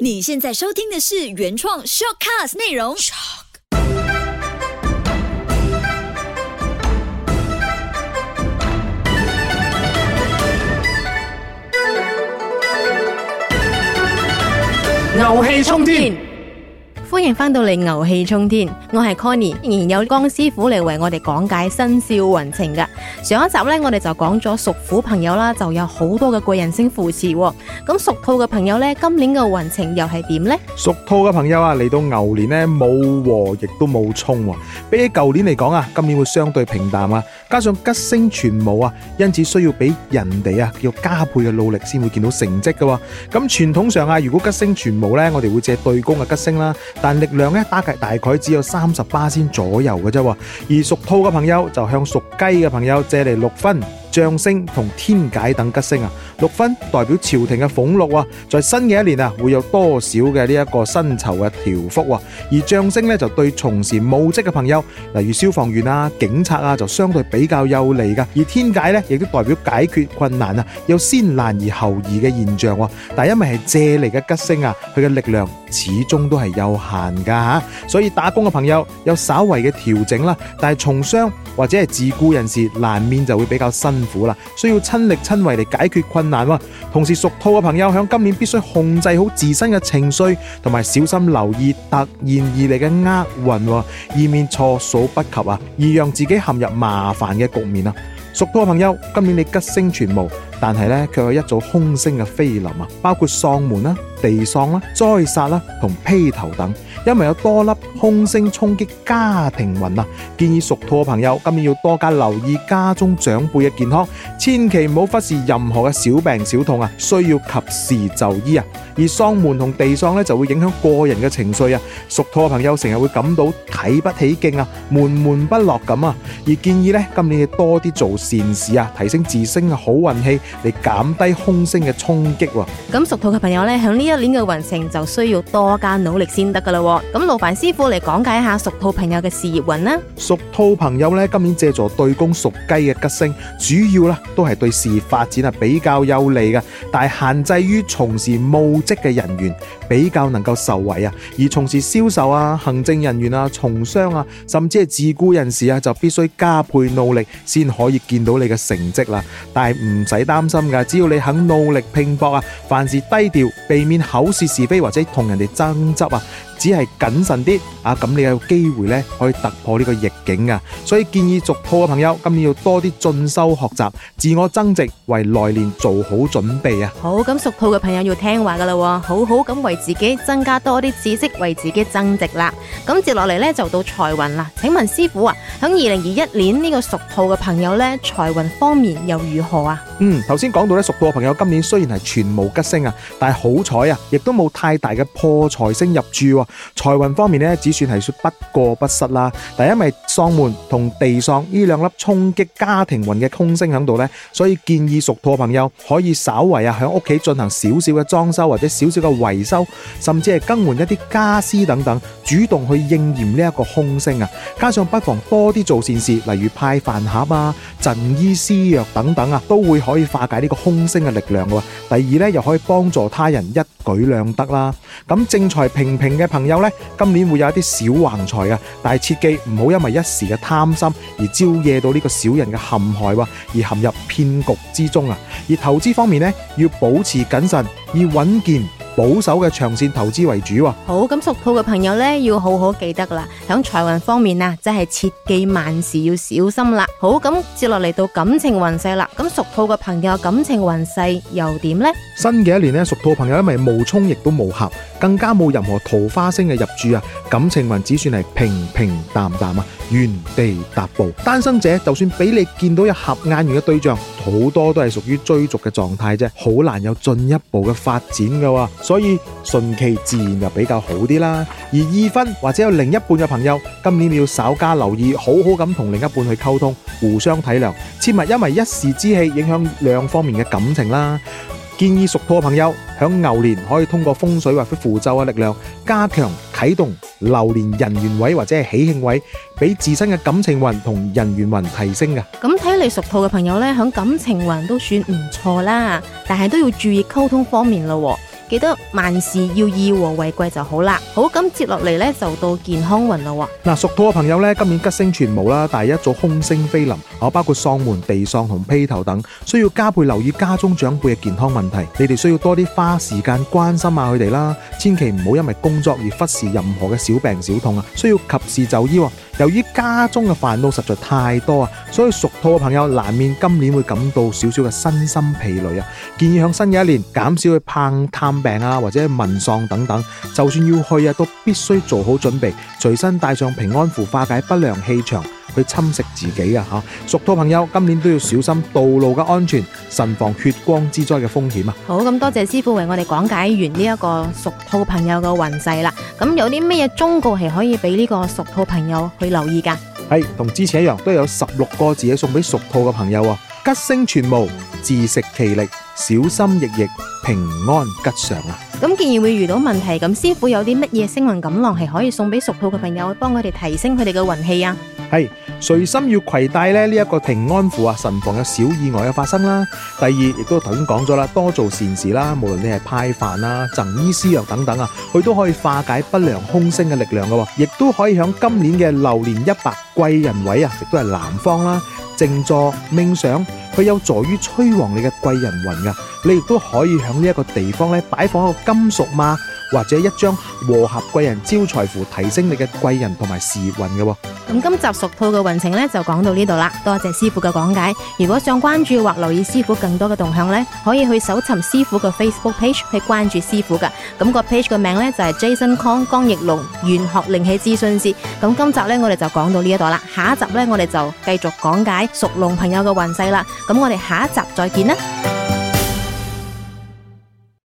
你現在收聽的是原創 shortcast 內容。牛氣沖天。歡迎翻到嚟牛氣沖天，我係 Conny，仍然有江師傅嚟為我哋講解生肖運程噶。上一集咧，我哋就講咗屬虎朋友啦，就有好多嘅貴人星扶持。咁屬兔嘅朋友咧，今年嘅運程又係點咧？屬兔嘅朋友啊，嚟到牛年咧，冇和，亦都冇沖。比起舊年嚟講啊，今年會相對平淡啊。加上吉星全無啊，因此需要俾人哋啊要加倍嘅努力先會見到成績噶。咁傳統上啊，如果吉星全無咧，我哋會借對宮嘅吉星啦。但力量咧，大概大概只有三十八先左右嘅啫，而屬兔嘅朋友就向屬雞嘅朋友借嚟六分。將星同天解等吉星啊，六分代表朝廷嘅俸禄啊在新嘅一年啊會有多少嘅呢一個薪酬嘅調幅啊，而將星咧就對從事武職嘅朋友，例如消防員啊、警察啊就相對比較有利噶，而天解咧亦都代表解決困難啊，有先難而後易嘅現象喎，但係因為係借力嘅吉星啊，佢嘅力量始終都係有限噶吓，所以打工嘅朋友有稍為嘅調整啦，但係從商或者係自雇人士難免就會比較辛。苦啦，需要親力親為嚟解決困難喎。同時屬兔嘅朋友喺今年必須控制好自身嘅情緒，同埋小心留意突然而嚟嘅厄運，以免措手不及啊，而讓自己陷入麻煩嘅局面啊。屬兔嘅朋友，今年你吉星全無。但係呢，佢有一組空星嘅飛臨啊，包括喪門啦、啊、地喪啦、啊、災煞啦同披頭等，因為有多粒空星衝擊家庭運啊，建議屬兔嘅朋友今年要多加留意家中長輩嘅健康，千祈唔好忽視任何嘅小病小痛啊，需要及時就醫啊。而喪門同地喪呢，就會影響個人嘅情緒啊，屬兔嘅朋友成日會感到提不起勁啊，悶悶不樂咁啊，而建議呢，今年要多啲做善事啊，提升自身嘅好運氣嚟減低空升嘅衝擊喎，咁屬兔嘅朋友呢，喺呢一年嘅運程就需要多加努力先得噶啦。咁勞煩師傅嚟講解一下屬兔朋友嘅事業運啦。屬兔朋友呢，今年借助對公屬雞嘅吉星，主要呢都係對事業發展係比較有利嘅，但係限制於從事務職嘅人員比較能夠受惠啊，而從事銷售啊、行政人員啊、從商啊，甚至係自雇人士啊，就必須加倍努力先可以見到你嘅成績啦。但係唔使擔心，擔心噶，只要你肯努力拼搏啊！凡事低調，避免口舌是非，或者同人哋爭執啊！只係謹慎啲啊！咁你有機會咧可以突破呢個逆境啊！所以建議屬兔嘅朋友今年要多啲進修學習，自我增值，為來年做好準備啊！好，咁屬兔嘅朋友要聽話噶啦，啊，好好咁為自己增加多啲知識，為自己增值啦！咁接落嚟咧就到財運啦！請問師傅啊，響二零二一年呢個屬兔嘅朋友咧財運方面又如何啊？嗯，頭先講到咧，屬兔嘅朋友今年雖然係全無吉星啊，但係好彩啊，亦都冇太大嘅破財星入住，啊。財運方面咧，只算係說不過不失啦。但因為喪門同地喪呢兩粒衝擊家庭運嘅空星喺度咧，所以建議屬兔嘅朋友可以稍為啊響屋企進行少少嘅裝修或者少少嘅維修，甚至係更換一啲家私等等，主動去應驗呢一個空星啊。加上不妨多啲做善事，例如派飯盒啊、贈醫施藥等等啊，都會可以化解呢個空星嘅力量嘅。第二咧，又可以幫助他人，一舉兩得啦。咁正財平平嘅。朋友呢，今年會有一啲小橫財嘅，但係切記唔好因為一時嘅貪心而招惹到呢個小人嘅陷害而陷入騙局之中啊！而投資方面呢，要保持謹慎以穩健。保守嘅長線投資為主喎、啊。好，咁屬兔嘅朋友呢，要好好記得啦。響財運方面啊，真係切忌萬事要小心啦。好，咁接落嚟到感情運勢啦。咁屬兔嘅朋友感情運勢又點呢？新嘅一年呢，屬兔朋友因為無衝亦都冇合，更加冇任何桃花星嘅入住啊。感情運只算係平平淡淡啊，原地踏步。單身者就算俾你見到一合眼緣嘅對象。好多都係屬於追逐嘅狀態啫，好難有進一步嘅發展㗎喎，所以順其自然就比較好啲啦。而二婚或者有另一半嘅朋友，今年你要稍加留意，好好咁同另一半去溝通，互相體諒，切勿因為一時之氣影響兩方面嘅感情啦。建議屬兔嘅朋友響牛年可以通過風水或者符咒嘅力量加強，啟動流年人緣位或者係喜慶位，俾自身嘅感情運同人緣運提升噶。咁睇嚟，屬兔嘅朋友咧，響感情運都算唔錯啦，但係都要注意溝通方面咯。記得萬事要以和為貴就好啦。好，咁接落嚟呢就到健康運啦。嗱，屬兔嘅朋友呢，今年吉星全無啦，但係一早凶星飛臨，啊，包括喪門、地喪同披頭等，需要加倍留意家中長輩嘅健康問題。你哋需要多啲花時間關心下佢哋啦，千祈唔好因為工作而忽視任何嘅小病小痛啊，需要及時就醫。由於家中嘅煩惱實在太多啊，所以屬兔嘅朋友難免今年會感到少少嘅身心疲累啊。建議喺新嘅一年減少去探探病啊，或者問喪等等。就算要去啊，都必須做好準備，隨身帶上平安符化解不良氣場。去侵蝕自己啊！吓，屬兔朋友，今年都要小心道路嘅安全，慎防血光之災嘅風險啊！好，咁多謝師傅為我哋講解完呢一個屬兔朋友嘅運勢啦。咁有啲咩嘢忠告係可以俾呢個屬兔朋友去留意噶？係同之前一樣，都有十六個字己送俾屬兔嘅朋友啊！吉星全無，自食其力，小心翼翼，平安吉祥啊！咁既然會遇到問題，咁師傅有啲乜嘢星運錦囊係可以送俾屬兔嘅朋友，去幫佢哋提升佢哋嘅運氣啊？係，隨心要攜帶咧呢一個平安符啊，慎防有小意外嘅發生啦。第二，亦都頭先講咗啦，多做善事啦，無論你係派飯啊、贈醫施藥等等啊，佢都可以化解不良凶星嘅力量噶，亦都可以響今年嘅流年一百貴人位啊，亦都係南方啦，靜坐冥想，佢有助於催旺你嘅貴人運噶。你亦都可以響呢一個地方咧擺放一個金屬物。或者一張和合貴人招財符，提升你嘅貴人同埋時運嘅、哦。咁今集屬兔嘅運程咧就講到呢度啦，多謝師傅嘅講解。如果想關注或留意師傅更多嘅動向咧，可以去搜尋師傅嘅 Facebook page 去關注師傅噶。咁、那個 page 嘅名咧就係 Jason Kong 江奕龍玄學靈氣資訊師。咁今集咧我哋就講到呢一度啦，下一集咧我哋就繼續講解屬龍朋友嘅運勢啦。咁我哋下一集再見啦。